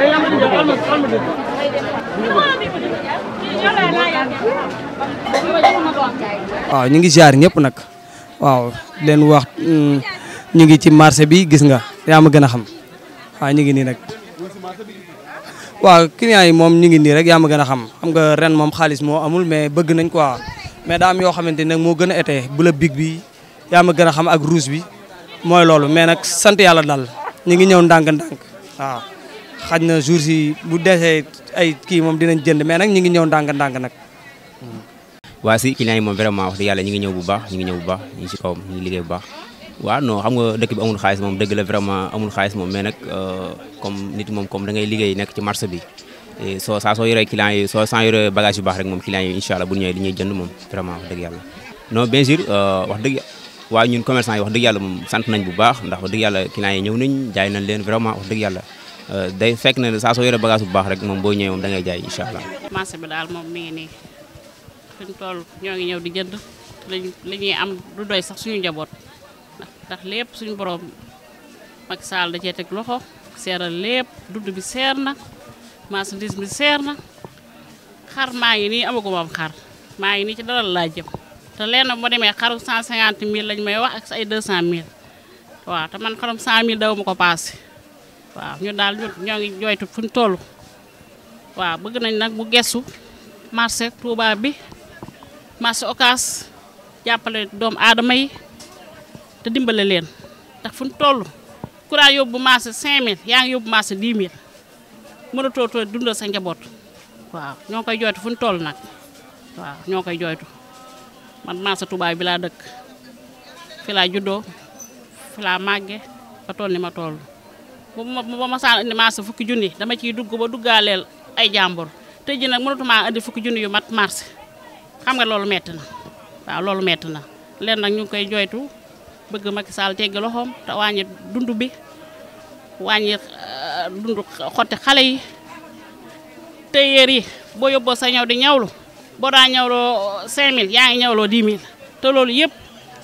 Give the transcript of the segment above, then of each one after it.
waaw ñu ngi ziar ñëpp nag waaw leen wax mm, ñu ngi ci marché bi gis nga yaa ma gën a xam waaw ñu ngi nii nag waaw client yi moom ñu ngi nii rek yaa ma gën a xam xam nga ren moom xaalis moo amul mais bëgg nañ quoi mais daa am yoo xamante ni moo gën a été bu la big bi yaa ma gën a xam ak rouge bi mooy loolu mais nag sant yàlla daal ñu ngi ñëw ndànk-ndànk waaw. xaj na jours yi bu desee ay kii moom dinañ jënd ñu ngi ñëw ndànk-ndànk nag. waa si client yi moom vraiment wax dëgg yàlla ñu ngi ñëw bu baax ñu ngi ñëw bu baax ñu ngi si bu baax. waaw non xam nga dëkk bi amul xaalis moom dëgg la vraiment amul xaalis moom mais nag euh, comme nit moom comme da ngay liggéey nekk ci marché bi soo saa soo yoree client yi soo saa yoree bagage yu baax rek moom client yi incha allah bu ñëwee dañuy jënd moom vraiment dëgg yàlla. non bien sûr euh, wax dëgg waaye ñun commerçant yi wax moom sant ndax wax dëgg yàlla client yi ñëw nañ jaay na leen vraiment wax dëgg yàlla Euh, day fekk na saa soo yore bagage bu baax rek moom boo ñëwee moom da jaay incha allah. marché bi daal moom mi ngi nii fi mu ñoo ngi ñëw di jënd li am du doy sax suñu njaboot ndax lépp suñu boroom Macky Sall da cee teg loxo seeral lépp dudd bi seer na marchandise bi seer na xar maa ngi nii amagu ma am xar maa ngi nii ci dara laa jëm te leen bu ma demee xaru 150 000 lañ may wax ak ay 200 000 waaw te man xarum 100 000 daw ko paase. waaw ñu daal ñoo ngi jooytu fu ñu toll waaw bëgg nañ nag bu gestu marché Touba bi marché jàppale doomu aadama yi te dimbale leen te fu ñu toll courant yóbbu marché 5000 yaa ngi yóbbu marché 10 000 mënatoo too dundal sa njaboot waaw ñoo koy jooytu fu ñu nag waaw ñoo koy jooytu man marché Touba bi laa dëkk fi laa juddoo fi laa màgge ba toll ni ma toll. bu ma bu ma masaan indi fukki junni dama ciy dugg ba duggaaleel ay jàmbur te ji nag mënatumaa indi fukki junni yu mat marché xam nga loolu metti na waaw loolu metti na leen nag ñu ngi koy jooytu bëgg Macky Sall teggi loxoom te wàññi dund bi wàññi euh, dund xotti xale yi te yéer yi boo yóbboo sa ñëw di ñawlu boo daa ñawloo 5000 yaa ngi ñawloo 10 000 te loolu yëpp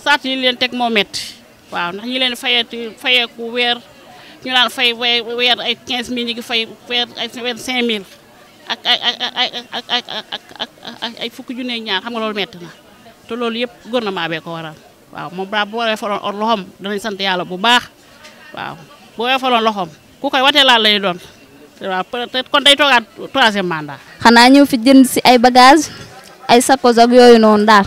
sart yi leen teg moo metti waaw ndax ñi leen fayeeti fayeeku weer ñu daan fay weer ay 15000 ñu ngi fay weer ay weer 5000 ak ay ak ay ak ak ak ak ñaar xam nga loolu metti na te loolu yëpp gouvernement bee ko waral waaw moom daal bu waree faloon or loxoom danañ sant yàlla bu baax waaw bu waree faloon loxoom ku koy watee laal lay doon waaw kon day toogaat troisième mandat. xanaa ñëw fi jënd si ay bagages ay sakos ak yooyu noonu daal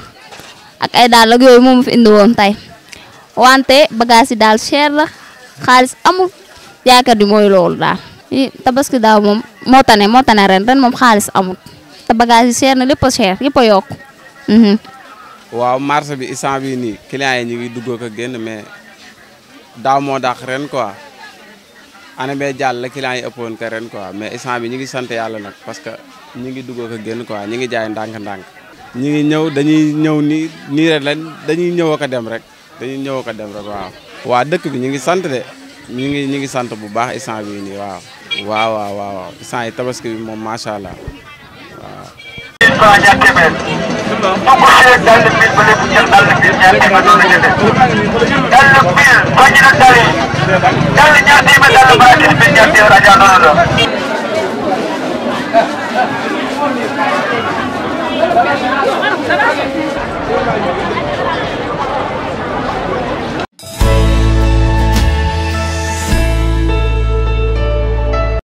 ak ay daal ak yooyu moom fi indi woon tey wante bagages daal cher la xaalis amul. yaakaar bi mooy loolu daal. tabaski daaw moom moo tane moo tane ren ren moom xaalis amul te bagage yi na lépp a cher yëpp a mhm. waaw marché bi instant bii nii clients yi ñu ngi dugg ko génn mais daaw moo dàq ren quoi année bee jàll la clients yi ëppoon ko ren quoi mais instant bi ñu ngi sant yàlla nag parce que ñu ngi dugg ko génn quoi ñu ngi jaay ndànk-ndànk. ñu ngi ñëw dañuy ñëw nii nii rek dañuy ñëw ko dem rek dañuy ñëw ko dem rek waaw. waa dëkk bi ñu ngi de. ñu ngi sant bu baax instant bii nii waaw. waaw waaw waaw instant yi tabaski moom macha allah waaw.